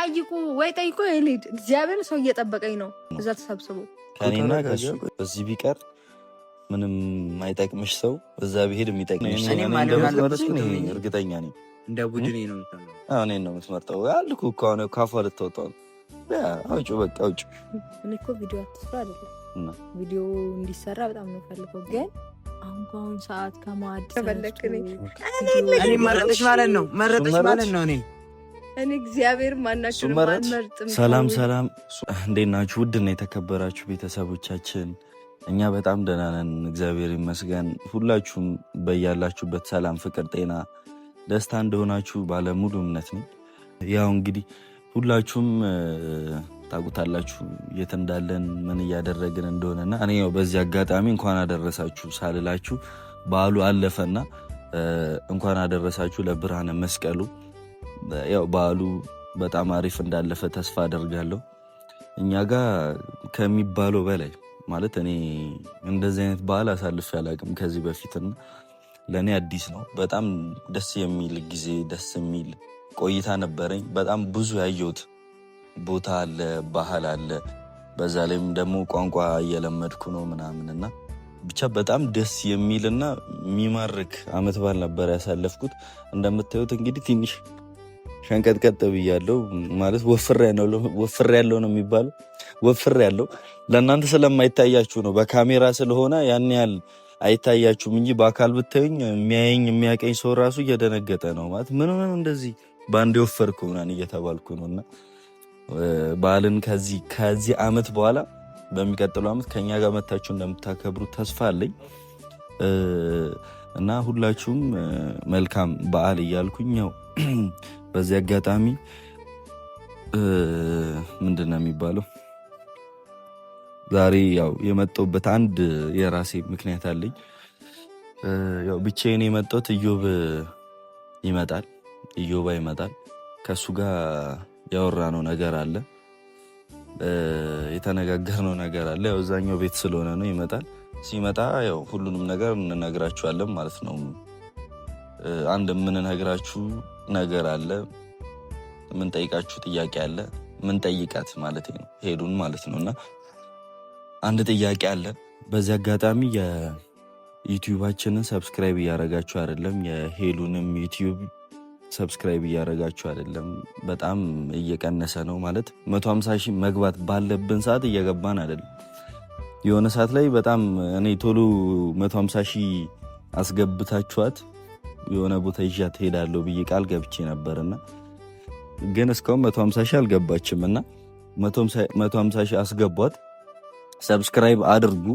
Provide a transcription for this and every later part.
ጠይቁ ወይ ጠይቁ ልሂድ። እግዚአብሔር ሰው እየጠበቀኝ ነው። እዛ ተሰብስቦ ከኔና ከሱ በዚህ ቢቀር ምንም ማይጠቅምሽ ሰው እዛ ብሄድ የሚጠቅምሽ እርግጠኛ ነኝ። እንደ ቡድን ነው እኔን ነው የምትመርጠው። አልኩ እኮ አሁን ካፏ ልታወጣው አውጭ በቃ አውጭ። እኔ እኮ ቪዲዮ አትስራ አለ ቪዲዮ እንዲሰራ በጣም ነው ፈልገው ግን አሁን በአሁኑ ሰዓት ከማዕድ እኔ መረጥሽ ማለት ነው መረጥሽ ማለት ነው እኔ እኔ እግዚአብሔር ሰላም ሰላም፣ እንዴት ናችሁ? ውድና የተከበራችሁ ቤተሰቦቻችን እኛ በጣም ደህና ነን፣ እግዚአብሔር ይመስገን። ሁላችሁም በያላችሁበት ሰላም፣ ፍቅር፣ ጤና፣ ደስታ እንደሆናችሁ ባለሙሉ እምነት ነው። ያው እንግዲህ ሁላችሁም ታውቁታላችሁ የት እንዳለን ምን እያደረግን እንደሆነና እኔ ያው በዚህ አጋጣሚ እንኳን አደረሳችሁ ሳልላችሁ በዓሉ አለፈና እንኳን አደረሳችሁ ለብርሃነ መስቀሉ ያው በዓሉ በጣም አሪፍ እንዳለፈ ተስፋ አደርጋለሁ። እኛ ጋር ከሚባለው በላይ ማለት እኔ እንደዚህ አይነት በዓል አሳልፌ አላውቅም ከዚህ በፊትና ለእኔ አዲስ ነው። በጣም ደስ የሚል ጊዜ ደስ የሚል ቆይታ ነበረኝ። በጣም ብዙ ያየሁት ቦታ አለ፣ ባህል አለ። በዛ ላይም ደግሞ ቋንቋ እየለመድኩ ነው ምናምንና ብቻ በጣም ደስ የሚልና የሚማርክ አመት በዓል ነበር ያሳለፍኩት። እንደምታዩት እንግዲህ ትንሽ ሸንቀጥቀጥ ብያለው ማለት ወፍር ያለው ነው የሚባለው። ወፍር ያለው ለእናንተ ስለማይታያችሁ ነው፣ በካሜራ ስለሆነ ያን ያህል አይታያችሁም እንጂ በአካል ብታዩኝ የሚያየኝ የሚያቀኝ ሰው ራሱ እየደነገጠ ነው። ማለት ምን ሆነ እንደዚህ በአንድ የወፈርኩ ምናምን እየተባልኩ ነው። እና በዓልን ከዚህ ከዚህ አመት በኋላ በሚቀጥለው አመት ከእኛ ጋር መታችሁ እንደምታከብሩ ተስፋ አለኝ እና ሁላችሁም መልካም በዓል እያልኩኝ ያው በዚህ አጋጣሚ ምንድን ነው የሚባለው ዛሬ ያው የመጣሁበት አንድ የራሴ ምክንያት አለኝ። ያው ብቻዬን የመጣሁት እዮብ ይመጣል እዮባ ይመጣል። ከእሱ ጋር ያወራነው ነገር አለ፣ የተነጋገርነው ነገር አለ። ያው እዛኛው ቤት ስለሆነ ነው ይመጣል። ሲመጣ ያው ሁሉንም ነገር እንነግራችኋለን ማለት ነው። አንድ የምንነግራችሁ ነገር አለ፣ የምንጠይቃችሁ ጥያቄ አለ። የምንጠይቃት ማለት ነው ሄዱን ማለት ነው። እና አንድ ጥያቄ አለ። በዚህ አጋጣሚ የዩቲዩባችንን ሰብስክራይብ እያደረጋችሁ አይደለም፣ የሄሉንም ዩቲዩብ ሰብስክራይብ እያደረጋችሁ አይደለም። በጣም እየቀነሰ ነው ማለት መቶ ሃምሳ ሺህ መግባት ባለብን ሰዓት እየገባን አይደለም። የሆነ ሰዓት ላይ በጣም እኔ ቶሎ መቶ ሃምሳ ሺህ አስገብታችኋት የሆነ ቦታ ይዣ ትሄዳለሁ ብዬ ቃል ገብቼ ነበርና ግን እስካሁን መቶ ሀምሳ ሺህ አልገባችም እና መቶ ሀምሳ ሺህ አስገቧት። ሰብስክራይብ አድርጉ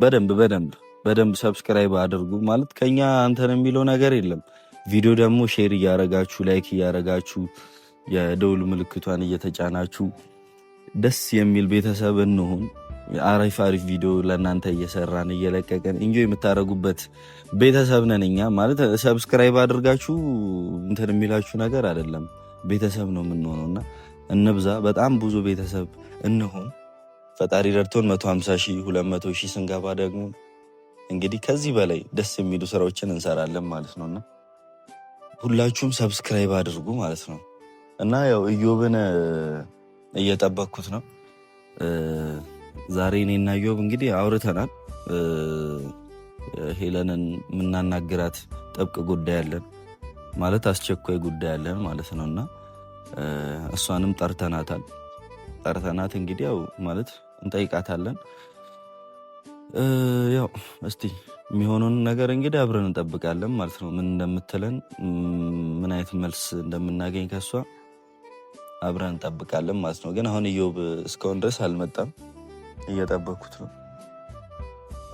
በደንብ በደንብ በደንብ ሰብስክራይብ አድርጉ። ማለት ከኛ አንተን የሚለው ነገር የለም። ቪዲዮ ደግሞ ሼር እያረጋችሁ ላይክ እያረጋችሁ የደውል ምልክቷን እየተጫናችሁ ደስ የሚል ቤተሰብ እንሁን። አሪፍ አሪፍ ቪዲዮ ለእናንተ እየሰራን እየለቀቀን እንጆ የምታደርጉበት ቤተሰብ ነን እኛ። ማለት ሰብስክራይብ አድርጋችሁ እንትን የሚላችሁ ነገር አይደለም፣ ቤተሰብ ነው የምንሆነው እና እንብዛ፣ በጣም ብዙ ቤተሰብ እንሆን። ፈጣሪ ደርቶን 150 ሺህ 200 ሺህ ስንገባ ደግሞ እንግዲህ ከዚህ በላይ ደስ የሚሉ ስራዎችን እንሰራለን ማለት ነው እና ሁላችሁም ሰብስክራይብ አድርጉ ማለት ነው እና ያው እዮብን እየጠበቅኩት ነው ዛሬ እና ዮብ እንግዲህ አውርተናል። ሄለንን የምናናግራት ጥብቅ ጉዳይ አለን ማለት አስቸኳይ ጉዳይ አለን ማለት ነው እና እሷንም ጠርተናታል። ጠርተናት እንግዲህ ያው ማለት እንጠይቃታለን። ያው እስቲ የሚሆነውን ነገር እንግዲህ አብረን እንጠብቃለን ማለት ነው። ምን እንደምትለን ምን አይነት መልስ እንደምናገኝ ከሷ አብረን እንጠብቃለን ማለት ነው። ግን አሁን እዮብ እስካሁን ድረስ አልመጣም። እየጠበኩት ነው።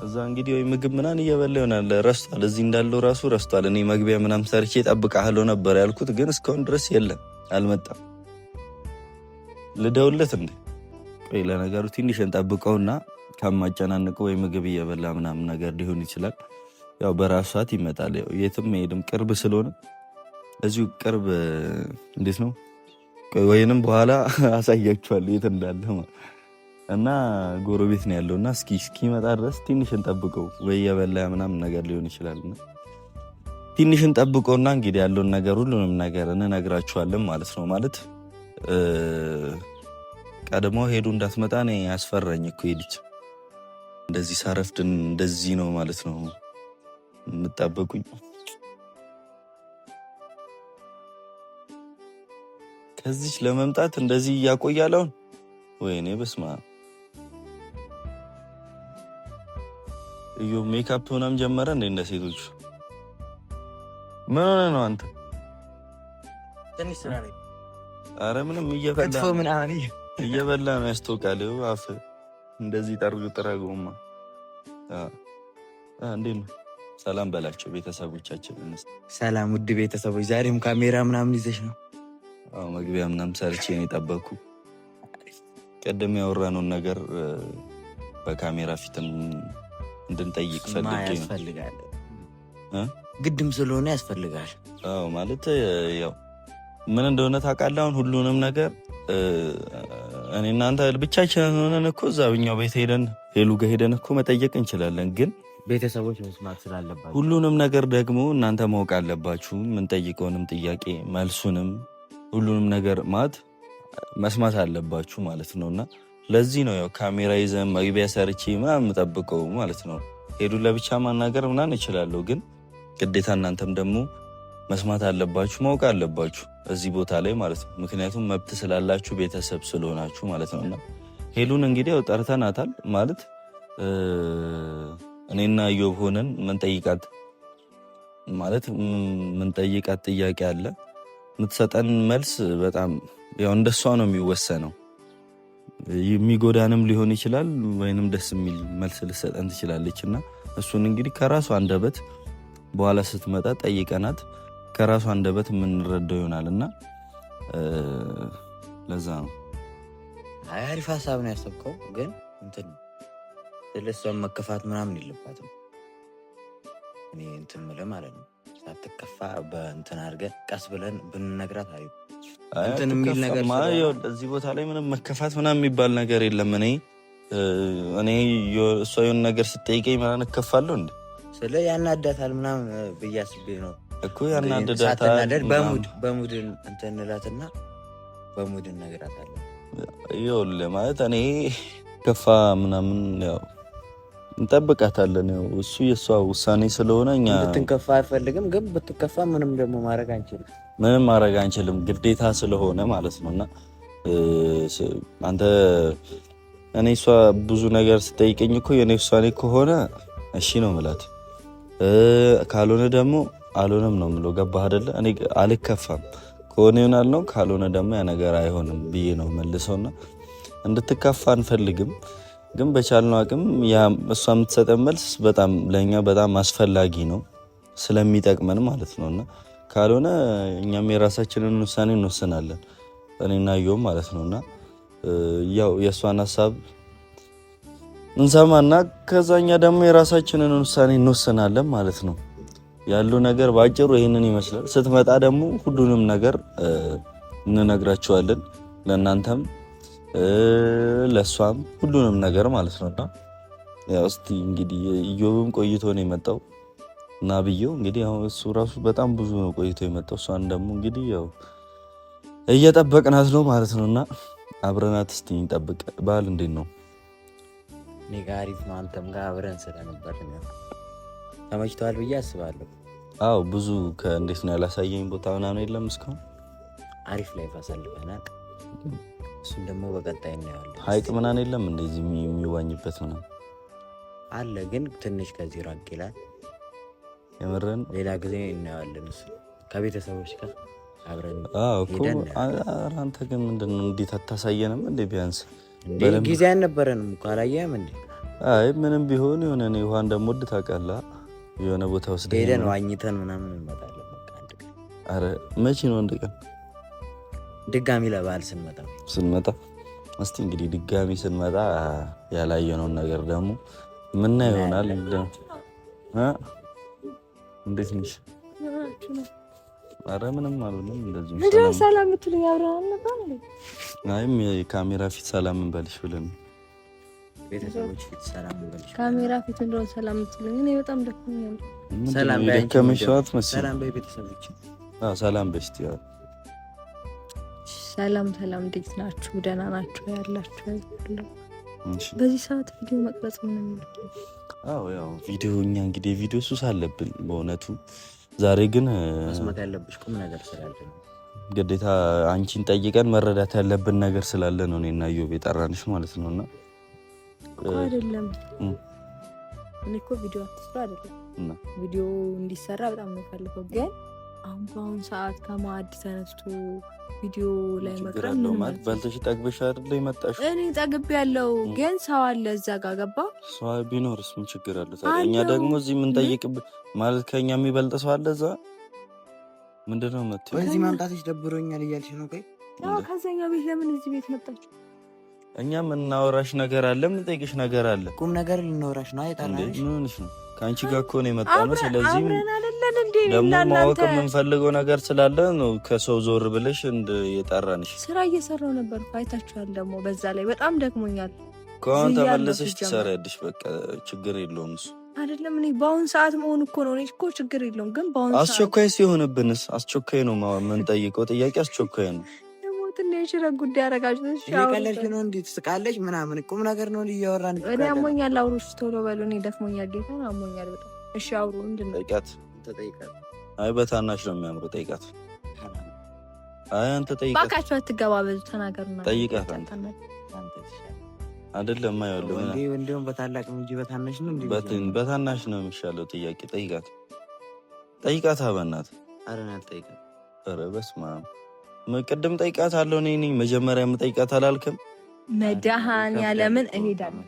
እዛ እንግዲህ ወይ ምግብ ምናን እየበላ ይሆናል። ረስቷል፣ እዚህ እንዳለው ራሱ ረስቷል። እኔ መግቢያ ምናምን ሰርቼ እጠብቅሃለሁ ነበር ያልኩት፣ ግን እስካሁን ድረስ የለም፣ አልመጣም። ልደውለት እንደ ቆይ ለነገሩ ትንሽ እንጠብቀውና ከማጨናንቀው ወይ ምግብ እየበላ ምናምን ነገር ሊሆን ይችላል። ያው በራሱ ሰዓት ይመጣል። የትም መሄድም ቅርብ ስለሆነ እዚሁ ቅርብ እንዴት ነው ወይንም በኋላ አሳያችኋለሁ የት እንዳለ እና ጎረቤት ነው ያለው እና እስኪ እስኪመጣ ድረስ ትንሽ እንጠብቀው ወይ የበላ ምናምን ነገር ሊሆን ይችላል። ትንሽ እንጠብቀውና እንግዲህ ያለውን ነገር ሁሉንም ነገር እንነግራችኋለን ማለት ነው። ማለት ቀድሞ ሄዱ እንዳትመጣ እኔ ያስፈራኝ እኮ ሄድች እንደዚህ ሳረፍድ እንደዚህ ነው ማለት ነው የምጠብቁኝ። ከዚች ለመምጣት እንደዚህ እያቆያለውን ወይኔ በስማ እዩ ሜካፕ ምናምን ጀመረ እንዴ? እንደ ሴቶቹ ምን ሆነ ነው አንተ? አረ ምንም እየበላ ነው ያስታውቃል። አፍ እንደዚህ ጠርግ ጥረጉማ። እንዴት ነው? ሰላም በላቸው ቤተሰቦቻችን። ሰላም ውድ ቤተሰቦች፣ ዛሬም ካሜራ ምናምን ይዘሽ ነው? አዎ መግቢያ ምናምን ሰርቼ ነው የጠበኩ። ቅድም ያወራነውን ነገር በካሜራ ፊትም እንድንጠይቅ ፈልጌ ነው። ግድም ስለሆነ ያስፈልጋል። አዎ ማለት ያው ምን እንደሆነ ታውቃለህ። አሁን ሁሉንም ነገር እኔ እናንተ ብቻችን ሆነን እኮ እዛ ብኛው ቤት ሄደን ሄሉ ጋር ሄደን እኮ መጠየቅ እንችላለን፣ ግን ቤተሰቦች መስማት ስላለባቸው ሁሉንም ነገር ደግሞ እናንተ ማወቅ አለባችሁ። የምንጠይቀውንም ጥያቄ መልሱንም ሁሉንም ነገር ማት መስማት አለባችሁ ማለት ነውና ለዚህ ነው ያው ካሜራ ይዘን መግቢያ ሰርቼ ምናምን የምጠብቀው ማለት ነው። ሄዱ ለብቻ ማናገር ምናምን እችላለሁ፣ ግን ግዴታ እናንተም ደግሞ መስማት አለባችሁ፣ ማወቅ አለባችሁ እዚህ ቦታ ላይ ማለት ነው። ምክንያቱም መብት ስላላችሁ ቤተሰብ ስለሆናችሁ ማለት ነው። እና ሄሉን እንግዲህ ያው ጠርተናታል ማለት እኔና ዮብ ሆነን ምንጠይቃት ማለት ምንጠይቃት ጥያቄ አለ። የምትሰጠን መልስ በጣም ያው እንደሷ ነው የሚወሰነው የሚጎዳንም ሊሆን ይችላል ወይንም ደስ የሚል መልስ ልሰጠን ትችላለች እና እሱን እንግዲህ ከራሱ አንደበት በኋላ ስትመጣ ጠይቀናት ከራሱ አንደበት የምንረዳው ይሆናል እና ለዛ ነው። አሪፍ ሀሳብ ነው ያሰብከው፣ ግን እንትን ስለሷን መከፋት ምናምን የለባትም እኔ እንትን ምለ ማለት ነው ሳትከፋ በእንትን አድርገን ቀስ ብለን ብንነግራት አሪፍ እንትን የሚል ነገር እዚህ ቦታ ላይ ምንም መከፋት ምናምን የሚባል ነገር የለም። እኔ እኔ እሷ የሆነ ነገር ስጠይቀኝ ምናምን እከፋለሁ እንደ ስለ ያናዳታል ምናምን ብዬ አስቤ ነው እኮ ያናድዳታል። በሙድ በሙድ እንትን እንላትና በሙድ እነግራታለሁ። ይኸውልህ ማለት እኔ ከፋ ምናምን ያው እንጠብቃታለን። ያው እሱ የእሷ ውሳኔ ስለሆነ እኛ እንድትከፋ አይፈልግም፣ ግን ብትከፋ ምንም ደግሞ ማድረግ አንችልም፣ ምንም ማድረግ አንችልም። ግዴታ ስለሆነ ማለት ነው እና አንተ እኔ እሷ ብዙ ነገር ስጠይቀኝ እኮ የእኔ ውሳኔ ከሆነ እሺ ነው ምላት፣ ካልሆነ ደግሞ አልሆነም ነው ምለው። ገባህ አይደለ? እኔ አልከፋም፣ ከሆነ ይሆናል ነው፣ ካልሆነ ደግሞ ያ ነገር አይሆንም ብዬ ነው መልሰውና እንድትከፋ አንፈልግም። ግን በቻልነው አቅም እሷ የምትሰጠን መልስ በጣም ለእኛ በጣም አስፈላጊ ነው ስለሚጠቅመን ማለት ነው። እና ካልሆነ እኛም የራሳችንን ውሳኔ እንወስናለን እኔና ዮም ማለት ነው። እና ያው የእሷን ሀሳብ እንሰማና ከዛ ደግሞ የራሳችንን ውሳኔ እንወስናለን ማለት ነው። ያሉ ነገር በአጭሩ ይህንን ይመስላል። ስትመጣ ደግሞ ሁሉንም ነገር እንነግራቸዋለን። ለእናንተም ለእሷም ሁሉንም ነገር ማለት ነው። እና እስቲ እንግዲህ ኢዮብም ቆይቶ ነው የመጣው እና ብየው እንግዲህ አሁን እሱ ራሱ በጣም ብዙ ነው ቆይቶ የመጣው። እሷን ደግሞ እንግዲህ ያው እየጠበቅናት ነው ማለት ነው። እና አብረናት እስቲ እንጠብቅ። በዓል እንዴት ነው? እኔ ጋር አሪፍ ነው። አንተም ጋር አብረን ስለነበር ብዬ አስባለሁ። አዎ ብዙ ከእንዴት ነው ያላሳየኝ ቦታ ምናምን የለም እስካሁን አሪፍ ላይ አሳልፈናል። እሱም ደግሞ በቀጣይ እናየዋለን። ሀይቅ ምናን የለም እንደዚህ የሚዋኝበት ምናም አለ፣ ግን ትንሽ ከዚህ ራቅ ይላል። የምርን ሌላ ጊዜ እናየዋለን። እሱ ከቤተሰቦች ጋር አብረን አንተ ግን ምንድን ነው እንዴት አታሳየንም እንዴ? ቢያንስ ጊዜ አልነበረንም እኮ አላየህም እንዴ? አይ ምንም ቢሆን የሆነ እኔ ውሃ እንደምወድ ታውቃለህ። የሆነ ቦታ ውስጥ ሄደን ዋኝተን ምናምን እንመጣለን። አረ መቼ ነው አንድ ቀን ድጋሚ ለበዓል ስንመጣ ስንመጣ እስቲ እንግዲህ ድጋሚ ስንመጣ ያላየነውን ነገር ደግሞ ምና ይሆናል። እንዴት ነሽ? ኧረ ምንም አልሆንም። እንደዚህ ሰላም የምትሉኝ አብረን ነበር። አይም የካሜራ ፊት ሰላም እንበልሽ ብለን ቤተሰቦች ፊት ሰላም እንበልሽ። ካሜራ ፊት እንደው ሰላም የምትሉኝ እኔ በጣም ሰላም በይ ቤተሰቦች። ሰላም በይ እስቲ ሰላም ሰላም፣ እንዴት ናችሁ? ደህና ናችሁ ያላችሁ? በዚህ ሰዓት ቪዲዮ መቅረጽ ምን ያው ቪዲዮ እኛ እንግዲህ ቪዲዮ ሱስ አለብን በእውነቱ። ዛሬ ግን መስማት ያለብሽ ቁም ነገር ስላለ ግዴታ አንቺን ጠይቀን መረዳት ያለብን ነገር ስላለ ነው እኔና ዮብ የጠራንሽ ማለት ነው። እና አይደለም እኔ እኮ ቪዲዮ አትስራ አይደለም ቪዲዮ እንዲሰራ በጣም ነው ፈልገው ግን አሁን በአሁኑ ሰዓት ከማዕድ ተነስቶ ቪዲዮ ላይ መቅረብ ነው ማለት በልተሽ ጠግበሽ አይደለ የመጣሽ? እኔ ጠግብ ያለው ግን ሰው አለ እዛ ጋር ገባ ሰው ቢኖርስ ምን ችግር አለ? እኛ ደግሞ እዚህ የምንጠይቅብህ ማለት ከእኛ የሚበልጥ ሰው አለ እዛ። ምንድን ነው መት በዚህ ማምጣትሽ ደብሮኛል እያልሽ ነው? ቆይ ከዛኛው ቤት ለምን እዚህ ቤት መጣች? እኛ የምናወራሽ ነገር አለ፣ የምንጠይቅሽ ነገር አለ። ቁም ነገር ልናወራሽ ነው። አይጣላ ምንሽ ነው ከአንቺ ጋር እኮ ነው የመጣ ነው። ስለዚህም ደግሞ ማወቅ የምንፈልገው ነገር ስላለ ነው ከሰው ዞር ብለሽ የጠራንሽ። ስራ እየሰራው ነበር አይታችኋል። ደግሞ በዛ ላይ በጣም ደክሞኛል። ከአሁን ተመለሰሽ ትሰሪያለሽ። በቃ ችግር የለውም እሱ አይደለም። እኔ በአሁን ሰዓት መሆን እኮ ነው እኮ ችግር የለውም ግን፣ በአሁን አስቸኳይ ሲሆንብንስ? አስቸኳይ ነው የምንጠይቀው ጥያቄ አስቸኳይ ነው። ትንሽ ረጉድ ያደረጋችሁት ቀለች ነው። እንዴት ትስቃለች ምናምን ቁም ነገር ነው እያወራ እኔ አሞኛል፣ አውሩ ቶሎ በሉ፣ እኔ ደክሞኛል፣ ጌታ አሞኛል በጣም። እሺ አውሩ። ጠይቃት፣ ተጠይቃት። አይ በታናሽ ነው የሚያምሩ። ጠይቃት። አይ አንተ ጠይቃት እባካችሁ፣ አትገባበዙ፣ ጠይቃት። አይደለም እንዲሁም በታላቅ እንጂ በታናሽ ነው በታናሽ ነው የሚሻለው። ጥያቄ ጠይቃት፣ ጠይቃት። አበናት አረናት ጠይቃት። ቅድም ጠይቃት አለው እኔ ነኝ መጀመሪያ የምጠይቃት አላልክም? መድኃኒዓለምን እሄዳለሁ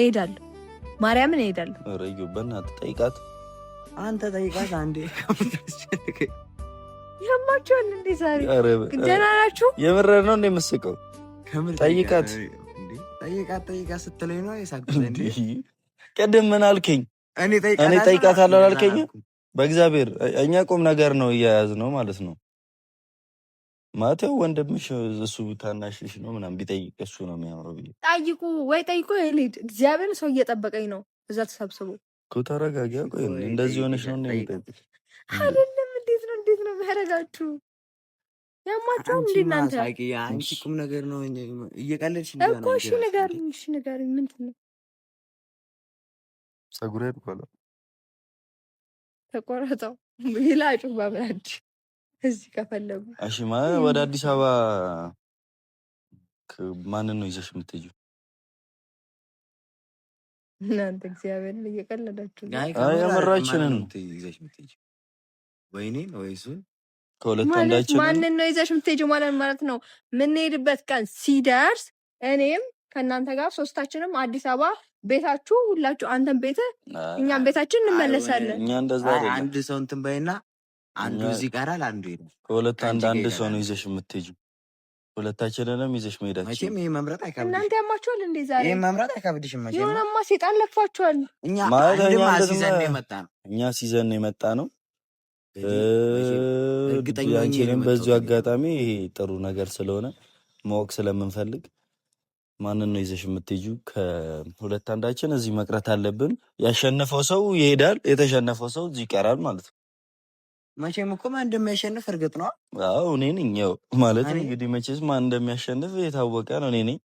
እሄዳለሁ ማርያምን እሄዳለሁ። ኧረ በእናትህ ጠይቃት፣ አንተ ጠይቃት። አንዴ ያማቸዋል እንዴ ዛሬ ደህና ናችሁ? የምር ነው እንዴ የምስቀው? ጠይቃት ጠይቃት ጠይቃት ስትለኝ ነው የሳቅሁት። ቅድም ምን አልከኝ? እኔ ጠይቃት አለው አላልከኝም? በእግዚአብሔር እኛ ቁም ነገር ነው እያያዝ ነው ማለት ነው ማለት ያው ወንድምሽ እሱ ታናሽልሽ ነው ምናምን ቢጠይቅ እሱ ነው የሚያምረው ብዬ ጠይቁ ወይ ጠይቁ ልሂድ። እግዚአብሔር ሰው እየጠበቀኝ ነው እዛ ተሰብስቦ ተረጋጊ። ቆይ እንደዚህ ሆነሽ ነው የሚጠይቅሽ አይደለም? እንዴት ነው እንዴት ነው ያደረጋችሁ? ያማቸው እንዴ እናንተ አንቺ ቁም ነገር ነው እየቀለድሽ እኮ። እሺ ንገሪኝ፣ እሺ ንገሪኝ፣ ምንድን ነው ጸጉሬ ተቆረጠው ይላጩ ባብራድ እዚህ ከፈለጉ እሺ። ማለት ወደ አዲስ አበባ ማንን ነው ይዘሽ የምትሄጂው? እናንተ እግዚአብሔርን እየቀለዳችሁ ነው። ይዘሽ የምትሄጂው ወይኔን ወይሱን ከሁለት አንዳችን ማንን ነው ይዘሽ የምትሄጂው ማለት ማለት ነው። የምንሄድበት ቀን ሲደርስ እኔም ከእናንተ ጋር ሶስታችንም አዲስ አበባ ቤታችሁ ሁላችሁ፣ አንተን ቤት እኛም ቤታችን እንመለሳለን። እኛ እንደዛ አንድ ሰው እንትን በይና አንዱ እዚህ ጋር ለአንዱ ይሄዳል። ከሁለት አንድ አንድ ሰው ነው ይዘሽ የምትሄጂው። ሁለታችንንም ይዘሽ መሄዳችሁ መቼም ይሄ መምረጥ አይከብድሽም። እናንተ ያማችኋል እንዴ? ዛሬ ይሄ መምረጥ አይከብድሽም። መቼም የሆነማ ሴጣን ለፋችኋል። እኛ ማለት እኛ ሲዘን ነው የመጣ ነው። እኛ ሲዘን ነው የመጣ ነው። አንቺንም በዚሁ አጋጣሚ ይሄ ጥሩ ነገር ስለሆነ ማወቅ ስለምንፈልግ ማንን ነው ይዘሽ የምትሄጂው? ከሁለት አንዳችን እዚህ መቅረት አለብን። ያሸነፈው ሰው ይሄዳል፣ የተሸነፈው ሰው እዚህ ይቀራል ማለት ነው። መቼም እኮ ማን እንደሚያሸንፍ እርግጥ ነው። አዎ እኔ ነኝ። ያው ማለት እንግዲህ መቼስ ማን እንደሚያሸንፍ የታወቀ ነው። እኔ ነኝ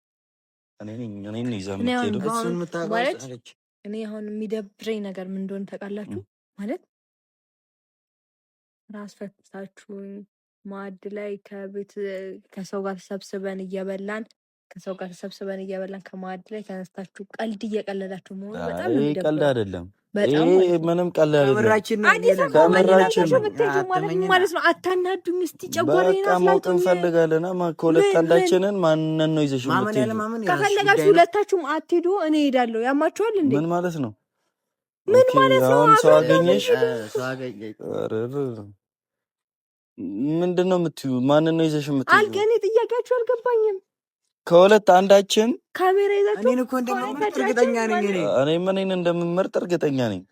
እኔ ነኝ እኔ ነኝ እኔ አሁን የሚደብረኝ ነገር ምን እንደሆነ ታውቃላችሁ? ማለት ራስ ፈታችሁን ማዕድ ላይ ከቤት ከሰው ጋር ተሰብስበን እየበላን ከሰው ጋር ተሰብስበን እየበላን ከማዕድ ላይ ተነስታችሁ ቀልድ እየቀለዳችሁ መሆኑ በጣም ቀልድ አይደለም። ምንም ቀላል ማለት አታናዱኝ። እስቲ ጨጓራ ማወቅ እንፈልጋለን። ከሁለት አንዳችንን ማንን ነው ይዘሽ ከፈለጋችሁ ሁለታችሁም አትሄዱ፣ እኔ ሄዳለሁ። ያማችኋል እንዴ? ምን ማለት ነው? ምን ማለት ነው? ሰው አገኘሽ? ምንድን ነው የምትዩ? ማንን ነው ይዘሽ የምትዩ? ጥያቄያችሁ አልገባኝም። ከሁለት አንዳችን ካሜራ ይዛችሁ እኔን እኮ እንደምመርጥ እርግጠኛ ነኝ። እኔ እንደምመርጥ እርግጠኛ ነኝ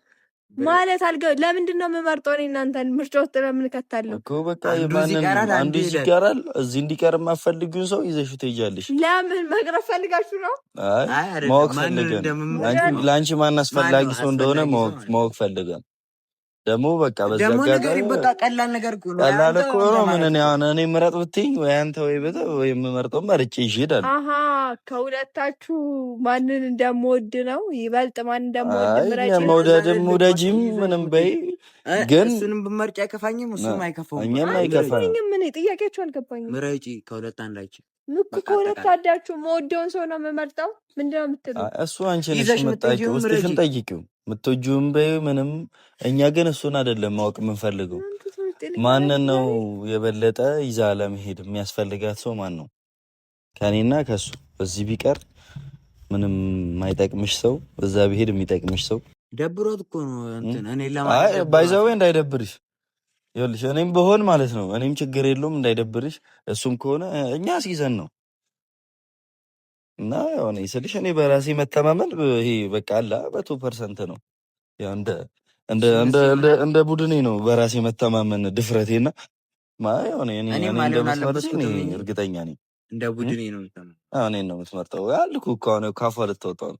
ማለት አልገ ለምንድን ነው የምመርጠው? እኔ እናንተን ምርጫ ውስጥ ለምን እከታለሁ እኮ በቃ የማንን አንዱ ይቀራል። እዚህ እንዲቀር የማፈልጊውን ሰው ይዘሽ ትሄጃለሽ። ለምን መቅረብ ፈልጋችሁ ነው? አይ ማወቅ ፈልገን ለአንቺ ማን አስፈላጊ ሰው እንደሆነ ማወቅ ፈልገን ደግሞ በቃ በዛ ነገር በቃ ቀላል ነገር እኮ ነው። ቀላል እኮ ነው። ምን እኔ አሁን እኔ ምረጥ ብትይኝ ወይ አንተ ወይ በተ ወይ የምመርጠው መርጬ ይሄዳል። አሀ ከሁለታችሁ ማንን እንደምወድ ነው ይበልጥ ማን እንደምወድ መውደድም ውደጂም ምንም በይ ግን እሱንም ብመርጭ አይከፋኝም፣ እሱም አይከፋውም፣ እኛም አይከፋኝም። ምን ጥያቄያችሁ አልገባኝም። ምረጪ ከሁለት አንዳችሁ ምኩ ከሁለት አንዳችሁ መወደውን ሰው ነው የምመርጠው። ምንድነው የምትለው? እሱ አንቺ ነሽ የምትጠይቂው፣ ውስጥሽን ጠይቂው ምትወጂውም በይው ምንም። እኛ ግን እሱን አይደለም ማወቅ የምንፈልገው፣ ማንን ነው የበለጠ ይዛ ለመሄድ የሚያስፈልጋት ሰው ማን ነው? ከእኔና ከሱ በዚህ ቢቀር ምንም የማይጠቅምሽ ሰው እዛ ብሄድ የሚጠቅምሽ ሰው ደብሮት እኮ ነው እንዳይደብርሽ ይኸውልሽ እኔም በሆን ማለት ነው እኔም ችግር የለውም እንዳይደብርሽ እሱም ከሆነ እኛ ሲዘን ነው እና ሆነ ስልሽ እኔ በራሴ መተማመን ይሄ በቃ አላ መቶ ፐርሰንት ነው። እንደ ቡድኔ ነው በራሴ መተማመን ድፍረቴና ሆነ እርግጠኛ ነኝ። እንደ ቡድኔ ነው እኔን ነው የምትመርጠው አልኩ እኮ አሁን ካፏ ልታወጣ ነው።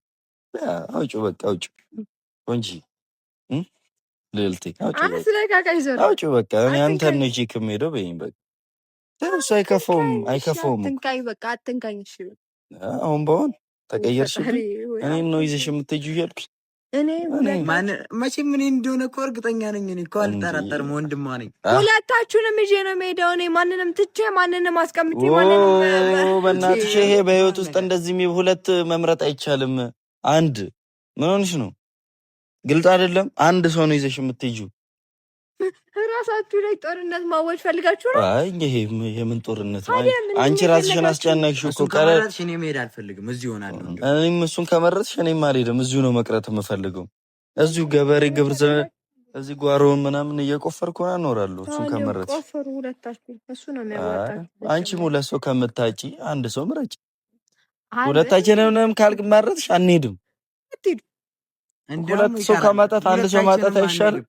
አውጭ በቃ አውጭ ቆንጂ ልልቴ አውጭ በቃ እኔ አንተን ነው ቼክ የምሄደው በይኝ በቃ እሱ አይከፋውም አይከፋውም። አትንካኝ በቃ አትንካኝ እሺ አሁን በሆን ተቀየርሽ። እኔ ነው ይዘሽ የምትጁ እያልኩ መቼም እኔ እንደሆነ እኮ እርግጠኛ ነኝ። እኔ እኮ አልጠራጠርም፣ ወንድሟ ነኝ። ሁለታችሁንም ይዤ ነው የምሄደው። እኔ ማንንም ትቼ ማንንም አስቀምጬ ማንንም በእናትሽ፣ ይሄ በህይወት ውስጥ እንደዚህ ሁለት መምረጥ አይቻልም። አንድ ምን ሆንሽ ነው? ግልጽ አይደለም። አንድ ሰው ነው ይዘሽ የምትሄጂው ራሳችሁ ላይ ጦርነት ማወጅ ፈልጋችሁ ነው? አይ ይሄ የምን ጦርነት ነው? አንቺ ራስሽን አስጨነቅሽው እኮ። ከመረጥሽ እኔ መሄድ አልፈልግም፣ እዚሁ እሆናለሁ። እኔም እሱን ከመረጥሽ እኔም አልሄድም፣ እዚሁ ነው መቅረት የምፈልገው። እዚሁ ገበሬ ግብር ዘ እዚህ ጓሮውን ምናምን እየቆፈርኩ ሆና እኖራለሁ። እሱን ከመረጥሽ ቆፈሩ ሁለታችሁ፣ እሱ ነው የሚያዋጣው። አንቺም ሁለት ሰው ከምታጪ አንድ ሰው ምረጭ። ሁለታችንም ምንም ካልክ ማረጥሽ አንሄድም። ሁለት ሰው ከማጣት አንድ ሰው ማጣት አይሻልም?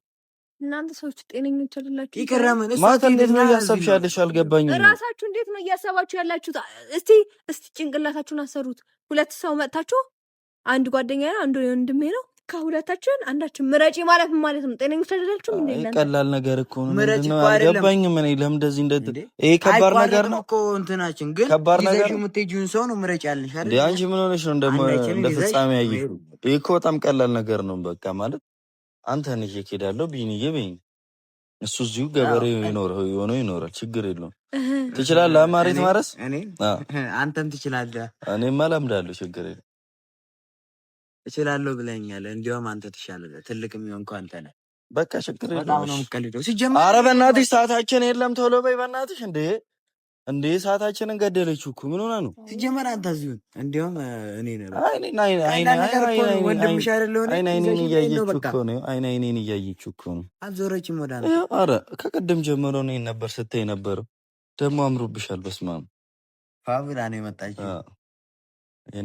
እናንተ ሰዎች ጤነኞች አይደላችሁ። ይከረምን ማታ እንዴት ነው እያሰብሽ ያለሽ አልገባኝም። ራሳችሁ እንዴት ነው እያሰባችሁ ያላችሁት? እስቲ እስቲ ጭንቅላታችሁን አሰሩት። ሁለት ሰው መጥታችሁ አንድ ጓደኛ ነው አንዱ ወንድሜ ነው ከሁለታችን አንዳችን ምረጪ ማለት ማለት ነው። ጤነኞች አይደላችሁም። እንዴ ቀላል ነገር እኮ ነው። አልገባኝም። ምን ለምን እንደዚህ እንደ ይሄ ከባድ ነገር ነው እኮ እንትናችን ግን ከባድ ነገር ነው። የምትሄጂውን ሰው ነው ምረጪ ያለሽ አይደል? አንቺ ምን ሆነሽ ነው እንደ ፍጻሜ ያየሽ? ይሄ እኮ በጣም ቀላል ነገር ነው። በቃ ማለት አንተ ነህ እየሄዳለሁ ቢኒዬ በይኝ። እሱ እዚሁ ገበሬ ይኖረው የሆነ ይኖራል፣ ችግር የለውም። ትችላለህ መሬት ማረስ አንተም ትችላለህ። እኔማ እለምዳለሁ፣ ችግር የለም። እችላለሁ ብለኛል። እንዲያውም አንተ ትሻላለህ፣ ትልቅ የሚሆን እኮ አንተ ነህ። በቃ ችግር የለም። ኧረ በእናትሽ ሰዓታችን የለም፣ ቶሎ በይ በእናትሽ እንዴ እንዴ ሰዓታችንን ገደለችው እኮ ምን ሆነ ነው ሲጀመር? አንተ እዚሁን እንዲያውም እኔ ነበር አይኔን አይኔን እያየችው እኮ ነው። አልዞረችም ወደ አንተ። ኧረ ከቅድም ጀምሮ እኔን ነበር ስታይ ነበረው። ደግሞ አምሮብሻል። በስመ አብ ፋብላ ነው የመጣችው።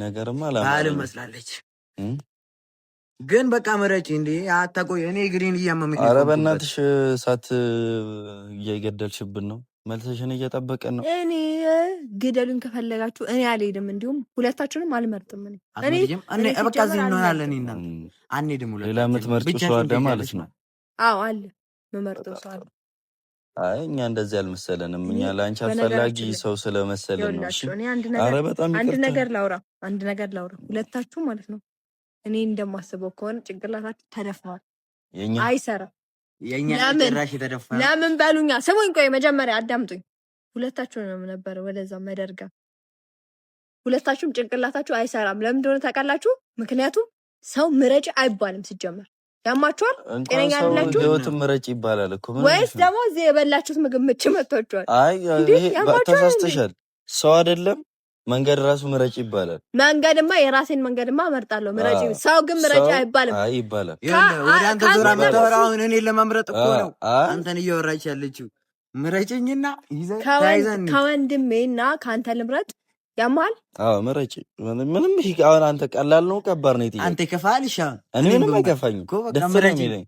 ነገርም አላል መስላለች ግን በቃ መረጭ እንዲ አታቆይ። እኔ ግሪን እያመመኝ። ኧረ በእናትሽ እሳት እየገደልሽብን ነው መልሰሽን እየጠበቀን ነው። እኔ ግደሉኝ ከፈለጋችሁ እኔ አልሄድም፣ እንዲሁም ሁለታችንም አልመርጥም። በቃ እዚህ እንሆናለን። አንሄድም። ሌላ የምትመርጭው ሰው አለ ማለት ነው? አዎ አለ፣ የምመርጠው ሰው አለ። አይ እኛ እንደዚህ አልመሰለንም። እኛ ለአንቺ አስፈላጊ ሰው ስለመሰለን ነው። አንድ ነገር ላውራ፣ አንድ ነገር ላውራ። ሁለታችሁ ማለት ነው እኔ እንደማስበው ከሆነ ጭንቅላታችሁ ተደፍነዋል፣ አይሰራም ለምን በሉኛ። ስሙኝ፣ ቆይ መጀመሪያ አዳምጡኝ። ሁለታችሁ ነው ነበር ወደዛ መደርጋ። ሁለታችሁም ጭንቅላታችሁ አይሰራም። ለምን እንደሆነ ታውቃላችሁ? ምክንያቱም ሰው ምረጭ አይባልም ሲጀመር ያማችኋል። ጤነኛ ያላችሁ ህይወትም ምረጭ ይባላል እኮ ወይስ ደግሞ እዚህ የበላችሁት ምግብ ምች መጥቷችኋል? ተሳስተሻል። ሰው አይደለም መንገድ ራሱ ምረጭ ይባላል። መንገድማ የራሴን መንገድማ እመርጣለሁ። ምረጭ ሰው ግን ምረጭ አይባልም። አይ ይባላል። ወደ አንተ ዞራ መታወራው እኔን ለመምረጥ እኮ ነው አንተን እያወራች ያለችው። ምረጭኝና ይዘን እና ከአንተ ልምረጥ ያማል። አዎ ምረጭ። ምንም ይሄ አሁን አንተ ቀላል ነው ከባድ ነው ይጥይ አንተ ይከፋል። እሺ እኔ ምንም አይከፋኝ። ደስ ነው የሚለኝ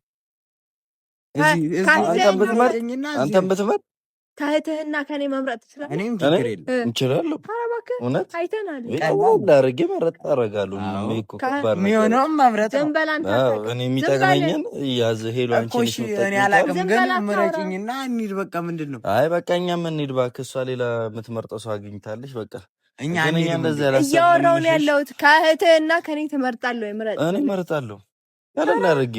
አንተን ብትመርጥ ከእህትህና ከኔ መምረጥ ትችላለህ። እኔም ችግር እንችላለሁ። መረጥ የሚጠቅመኝን ሄሎ በቃ ምንድን ነው? አይ በቃ እኛም እንሂድ እባክህ። እሷ ሌላ የምትመርጠው ሰው አግኝታለች። በቃ እኛ እያወራሁ ነው ያለሁት። ከእህትህና ከኔ ትመርጣለህ ወይ? ምረጥ። እኔ እመርጣለሁ ያለ አድርጌ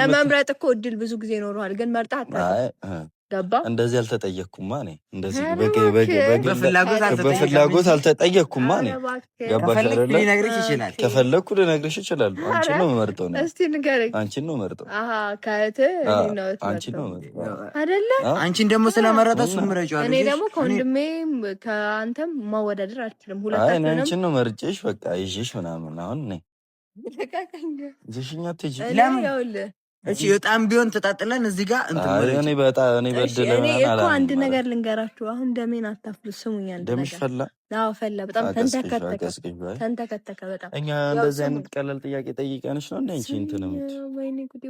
የመምረጥ እኮ እድል ብዙ ጊዜ ኖረዋል፣ ግን መርጣት ገባ እንደዚህ አልተጠየቅኩማ። እኔ እንደዚህ በፍላጎት አልተጠየቅኩማ። እኔ ገባሽ አይደለ? ከፈለግኩ ልነግርሽ ይችላሉ። አንቺ ነው የምመርጠው ነው። እስቲ ንገረኝ። አንቺን ነው የምመርጠው አይደለ? አንቺን ደግሞ ስለመረጠ እሱን ምረጪው። እኔ ደግሞ ከወንድሜ ከአንተም ማወዳደር አልችልም። ሁለት አንቺን ነው መርጬሽ በቃ ይዤሽ ምናምን አሁን ለምን በጣም ቢሆን ተጣጥለን እዚህ ጋር እኔ በጣም እኔ እኮ አንድ ነገር ልንገራችሁ። አሁን ደሜን አታፍሉ። ስሙኝ፣ አንድ ነገር አዎ፣ ፈላ በጣም ተንተከተከ ተንተከተከ በጣም እኛ እንደዚህ አይነት ቀላል ጥያቄ ጠይቀንሽ ነው እንደ አንቺ እንትን ነው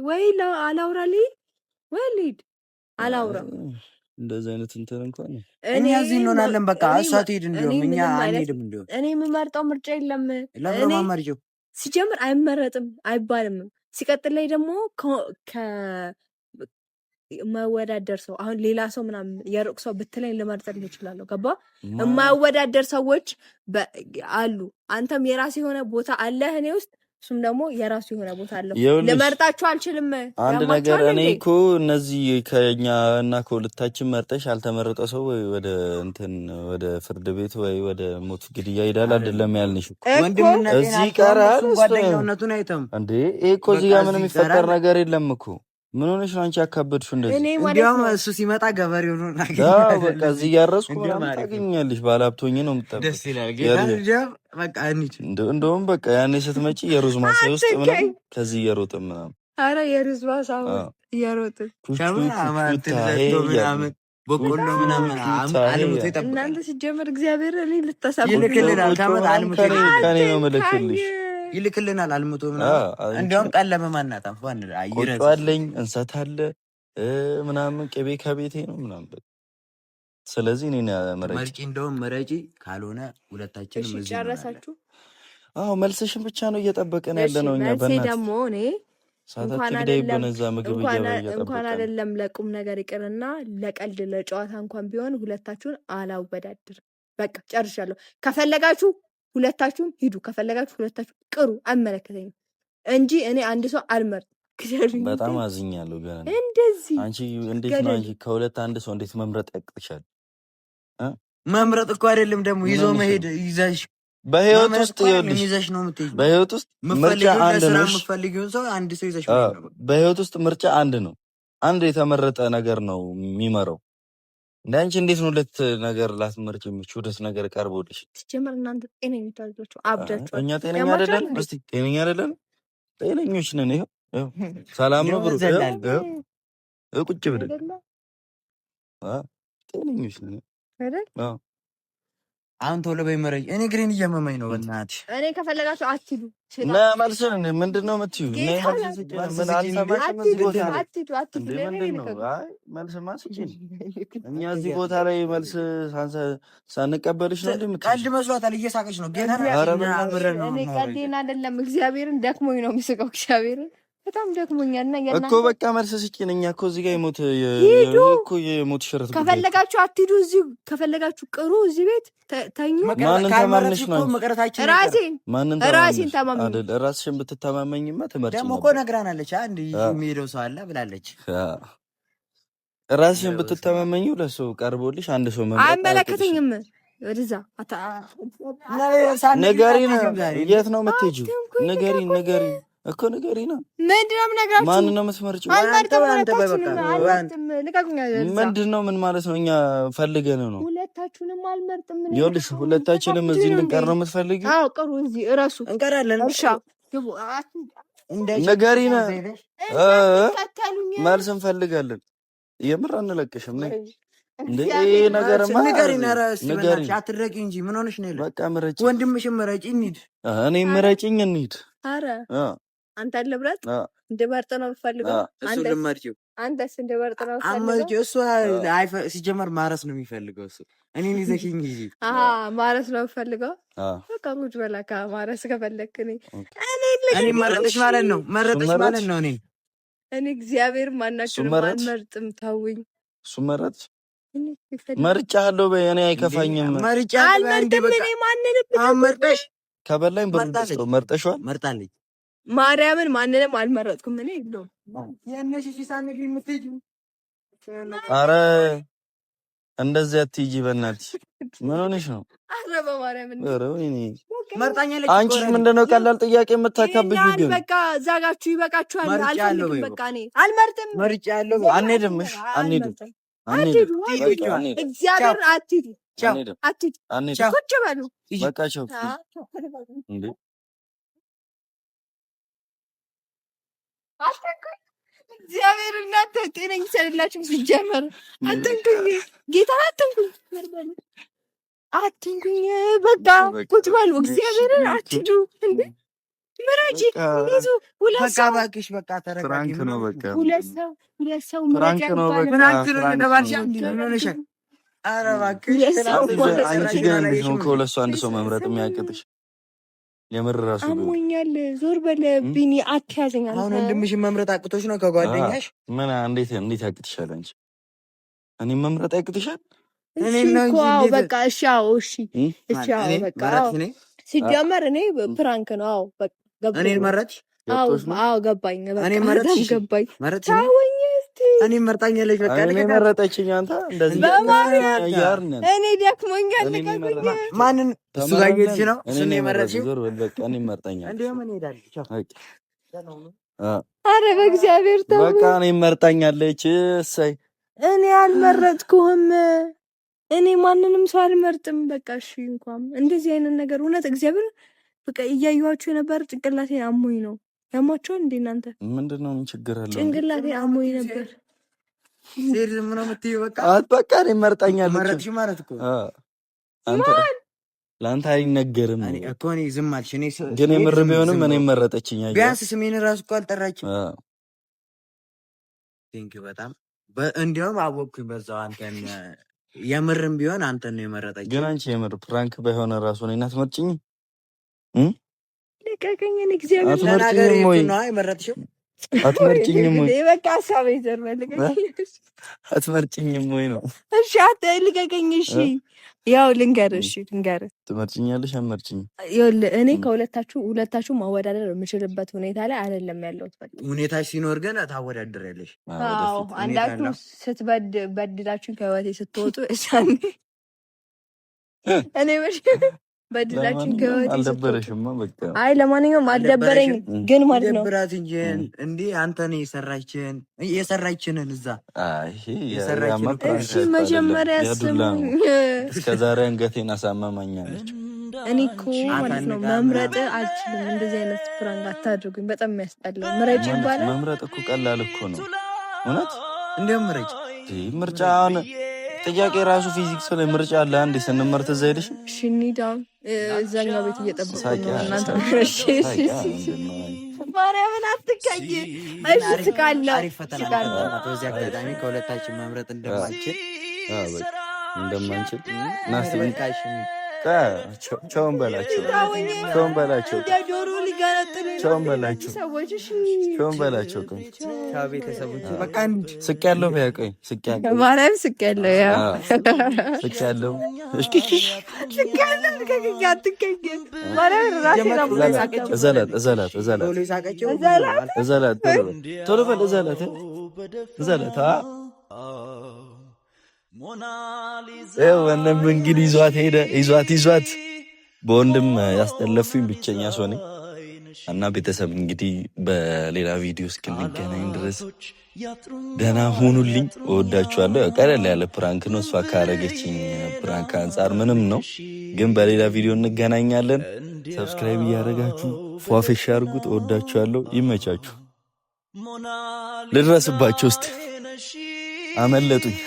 ወይ አላውራ ልሂድ ወይ ልሂድ አላውራ እንደዚህ አይነት እንትን እንኳን እኔ እዚህ እንሆናለን። በቃ እሷ ትሄድ እንዲሁም እኛ አንሄድም እንዲሁም እኔ የምመርጠው ምርጫ የለም። ለምሮ ማመርጀው ሲጀምር አይመረጥም አይባልምም ሲቀጥል ላይ ደግሞ መወዳደር ሰው አሁን ሌላ ሰው ምናምን የሩቅ ሰው ብትለኝ ልመርጠል ይችላለሁ። ገባ የማያወዳደር ሰዎች አሉ። አንተም የራስ የሆነ ቦታ አለህ እኔ ውስጥ እሱም ደግሞ የራሱ የሆነ ቦታ አለው። ልመርጣችሁ አልችልም። አንድ ነገር እኔ እኮ እነዚህ ከኛ እና ከሁለታችን መርጠሽ አልተመረጠ ሰው ወይ ወደ እንትን ወደ ፍርድ ቤት ወይ ወደ ሞት ግድያ ሄዳል አይደለም ያልንሽ እዚህ ቀራል እንዴ? ይህ እኮ እዚህ ጋር ምንም የሚፈጠር ነገር የለም እኮ ምን ሆነሽ ነው አንቺ ያካበድሽው? እንደዚህ እንዲያውም እሱ ሲመጣ ገበሬ ሆኖ በቃ እዚህ እያረስኩ ታገኛለሽ። ባለሀብቶኝ ነው የምጠብቅ። እንደውም በቃ ያኔ ስትመጪ የሩዝ ማሳይ ውስጥ ምናምን ከዚህ እየሮጥን ምናምን፣ ኧረ የሩዝ እየሮጥን በቆሎ ምናምን እናንተ ሲጀመር እግዚአብሔር እኔ ልታሳብ ከኔ ነው ይልክልናል። አልምቶ እንዲያውም ቀን ለመማናት ቆጮ አለኝ እንሰት አለ ምናምን ቅቤ ከቤቴ ነው ምናምን። ስለዚህ እኔ መርጪ እንደውም መረጪ ካልሆነ ሁለታችንም ጨረሳችሁ። አዎ መልስሽን ብቻ ነው እየጠበቅን ያለ ነው። እኛ በእናትህ ደግሞ እኔ እንኳን አይደለም ለቁም ነገር ይቅርና ለቀልድ ለጨዋታ እንኳን ቢሆን ሁለታችሁን አላወዳድር። በቃ ጨርሻለሁ። ከፈለጋችሁ ሁለታችሁም ሂዱ፣ ከፈለጋችሁ ሁለታችሁ ቅሩ፣ አይመለከተኝም እንጂ እኔ አንድ ሰው አልመርጥም። በጣም አዝኛለሁ። ገና እንደዚህ አንቺ እንዴት ነው አንቺ ከሁለት አንድ ሰው እንዴት መምረጥ ያቅትሻል? መምረጥ እኮ አይደለም ደግሞ ይዞ መሄድ ይዘሽ በህይወት ውስጥ ይዘሽ ነው የምትሄጂው። በህይወት ውስጥ ምርጫ አንድ ነው። የምትፈልጊውን ሰው አንድ ሰው ይዘሽ በህይወት ውስጥ ምርጫ አንድ ነው። አንድ የተመረጠ ነገር ነው የሚመራው እንዳንቺ እንዴት ነው ሁለት ነገር ላትመርጭ የምች ሁለት ነገር ቀርቦልሽ? ሲጀመር እናንተ ጤነኛ ታልጆችሁ አብዳችሁ፣ እኛ ጤነኛ አደለን ስ ጤነኛ አደለን ጤነኞች ነን። ይሄው ሰላም ነው ብሩ ቁጭ ብለን ጤነኞች ነን አይደል? አሁን ቶሎ በይ መረኝ። እኔ ግሬን እያመመኝ ነው። በእናትሽ እኔ ከፈለጋችሁ አትሂዱ ና መልስን ምንድን ነው የምትዩ? እኛ እዚህ ቦታ ላይ መልስ ሳንቀበልሽ ነው ቀልድ መስሏታል። እየሳቀች ነው ጌታ ነው። ቀልዴን አይደለም እግዚአብሔርን ደክሞኝ ነው የሚስቀው እግዚአብሔርን በጣም ደክሞኛል እና ያና እኮ በቃ መልስ ስጪ። እኛ እኮ እዚህ ጋር የሞት እኮ የሞት ሽረት ከፈለጋችሁ አትሂዱ፣ እዚህ ከፈለጋችሁ ቅሩ፣ እዚህ ቤት ተኙ። ማንን ተማምነሽ ነው? ራሴን ራሴን ተማምነሽ አይደል? ራስሽን ብትተማመኝማ ትመርጪ። ደግሞ እኮ ነግራናለች፣ አንድ የሚሄደው ሰው አለ ብላለች። ራስሽን ብትተማመኙ ለሰው ቀርቦልሽ አንድ ሰው መምጣት አይመለከተኝም። ወደዛ ንገሪን፣ የት ነው የምትሄጂው? ንገሪን፣ ንገሪን እኮ ንገሪና፣ ምንድነው የምነግራችሁ? ነው የምትመርጪው? ምንድን ነው ምን ማለት ነው? እኛ ፈልገን ነው። ሁለታችሁንም አልመርጥም። ይኸውልሽ፣ ሁለታችንም እዚህ እንድንቀር ነው የምትፈልጊው? ቅሩ። እዚህ እንቀራለን። እሺ፣ መልስ እንፈልጋለን። የምር አንለቅሽም ነው ይህ ነገር አትረቂ እንጂ ምን ሆነሽ ነው? በቃ ምረጭ፣ ምረጭ፣ እንሂድ። እኔ ምረጭኝ፣ እንሂድ አንተ ልብረት እንደ በርጥ ነው የምፈልገው። እሱ ልመርጭው አንተስ እንደ ነው የምፈልገው። እሱ ሲጀመር ማረስ ነው የሚፈልገው እሱ እኔን ይዘሽኝ ጊዜ ማረስ ነው የምፈልገው። በቃ ጉድ በላካ ማረስ ከፈለክ እኔ እኔ መረጥሽ ማለት ነው መረጥሽ ማለት ነው። እኔ እኔ እግዚአብሔር ማናችንም አልመርጥም። ተውኝ። እሱ መረጥሽ መርጫለሁ። በእኔ አይከፋኝም። መርጫለሁ። አልመርጥም። እኔ ማንንም አመርጠሽ ከበላኝ ብር መርጠሽዋል። መርጣለች ማርያምን ማንንም አልመረጥኩም። እኔ እንደውም የእነሽ ሺሳን ንግሪ አረ እንደዚህ አትጂ በእናትሽ ምን ሆነሽ ነው? አረ በማርያም አረ ወይኔ መርጣኛ ለች አንቺ ምንድነው ቀላል ጥያቄ የምታካብጁ? ግን በቃ ዛጋችሁ ይበቃችኋል። አልፈልግም። በቃ እኔ አልመርጥም። መርጫለሁ። አንሄድም። እሺ አንሄድም። እግዚአብሔር አትሂዱ፣ አትሂዱ፣ ቁጭ በሉ በቃ። ቻው እንዴ አትንኩኝ። እግዚአብሔር እናንተ ጤነኝ ይሰልላችሁ። ሲጀመር አትንኩኝ፣ ጌታ አትንኩኝ፣ አትንኩኝ። በቃ ቁጭ በሉ። እግዚአብሔርን አትዱ እንዴ ይዙ ሁለት ሰው በቃ ሰው ሁለት ሰው ሁለት ሰው ምረጭ ሰው ከሁለት ሰው አንድ ሰው መምረጥ ሰው የምር ራሱ አሞኛል። ዞር በል ቢኒ፣ አትያዘኝ። አሁን ወንድምሽን መምረጥ አቅቶች ነው ከጓደኛሽ? ምን እንዴት እንዴት ያቅትሻል? አንቺ እኔ መምረጥ ያቅትሻል? በቃ እሺ፣ አዎ፣ እሺ፣ እሺ፣ አዎ፣ በቃ ሲጀመር እኔ ፕራንክ ነው። አዎ፣ በቃ ገባኝ። እኔ መረጥሽ? አዎ፣ ገባኝ። ገባኝ፣ እኔ መረጥሽ? ገባኝ። ተወኝ እኔ መርጣኛለች። በቃ መረጠችኝ። አንተ እንደዚህ እኔ ደክሞኛል። ማንን እሱ ጋር እየሄድሽ ነው? እሱን በቃ እኔ መርጠኛል። አረ በእግዚአብሔር ተው። በቃ እኔ መርጣኛለች። እሰይ እኔ አልመረጥኩህም። እኔ ማንንም ሰው አልመርጥም። በቃ እሺ፣ እንኳን እንደዚህ አይነት ነገር እውነት እግዚአብሔር በቃ እያየኋችሁ የነበረ ጭንቅላቴን አሞኝ ነው ያሟቸውን እንዴ እናንተ ምንድን ነው? ምን ችግር አለው? ጭንቅላቴ አሞኝ ነበር። ሴድ ዝም ነው የምትይው? በቃ በቃ እኔ መርጣኛለሁ። መረጥሽ ማለት እኮ ለአንተ አይነገርም እኮ እኔ ዝም አልሽ። እኔ ግን የምር ቢሆንም እኔ መረጠችኝ። ቢያንስ ስሜን ራሱ እኮ አልጠራችም። ቲንክ በጣም እንዲያውም አወቅኩኝ በዛው አንተን የምርም ቢሆን አንተን ነው የመረጠችኝ። ግን አንቺ የምር ፕራንክ ባይሆን ራሱ እኔን አትመርጭኝም? ልቀቀኝ። አትመርጭኝም ወይ? በቃ ሀሳብ ይዘርበል። አትመርጭኝም ወይ ነው? እሺ ልቀቀኝ። እሺ ያው ልንገርህ። እሺ ልንገርህ፣ ትመርጭኛለሽ? አትመርጭኝም? ይኸውልህ እኔ ከሁለታችሁ ሁለታችሁ ማወዳደር የምችልበት ሁኔታ ላይ አይደለም ያለሁት። በቃ ሁኔታ ሲኖር ገና ታወዳድሪያለሽ። አዎ አንዳችሁ ስትበድ በድላችሁ ከህይወቴ ስትወጡ እኔ በድላችን አልደበረሽማ? በቃ አይ፣ ለማንኛውም አልደበረኝ ግን ማለት ነው ብራት እንጂ አንተ ነህ የሰራችን የሰራችንን እዛ እሺ፣ መጀመሪያ ስሙኝ። እስከዛሬ አንገቴን አሳመመኛለች። እኔ እኮ ማለት ነው መምረጥ አልችልም። እንደዚህ አይነት ፕራንክ አታድርጉኝ፣ በጣም የሚያስጠላው። ምረጭ ይባላል። መምረጥ እኮ ቀላል እኮ ነው። እውነት እንዲያውም ምረጭ ምርጫ ጥያቄ ራሱ ፊዚክስ ላይ ምርጫ አለ። አንዴ ስንመርት እዛ ሄደሽ እዛኛው ቤት እየጠበቁ ነው። እናንተ ማርያምን አትካኝ። እሺ አጋጣሚ ከሁለታችን መምረጥ እንደማንችል እንደማንችል ቸውን በላቸው፣ በላቸው፣ ቸውን በላቸው። ስቅ ያለው ያቆኝ ስቅ ያለው ማርያም ስቅ ያለው ስቅ ያለው እዘላት እዘላት እዘላት እዘላት እዘላት እዘላት ወንድም እንግዲህ ይዟት ሄደ። ይዟት ይዟት በወንድም ያስጠለፉኝ ብቸኛ ሰው ነኝ እና ቤተሰብ እንግዲህ በሌላ ቪዲዮ እስክንገናኝ ድረስ ደህና ሁኑልኝ። እወዳችኋለሁ። ቀለል ያለ ፕራንክ ነው። እሷ ካረገችኝ ፕራንክ አንጻር ምንም ነው፣ ግን በሌላ ቪዲዮ እንገናኛለን። ሰብስክራይብ እያደረጋችሁ ፏፌሻ አድርጉት። እወዳችኋለሁ። ይመቻችሁ። ልድረስባቸው ውስጥ አመለጡኝ።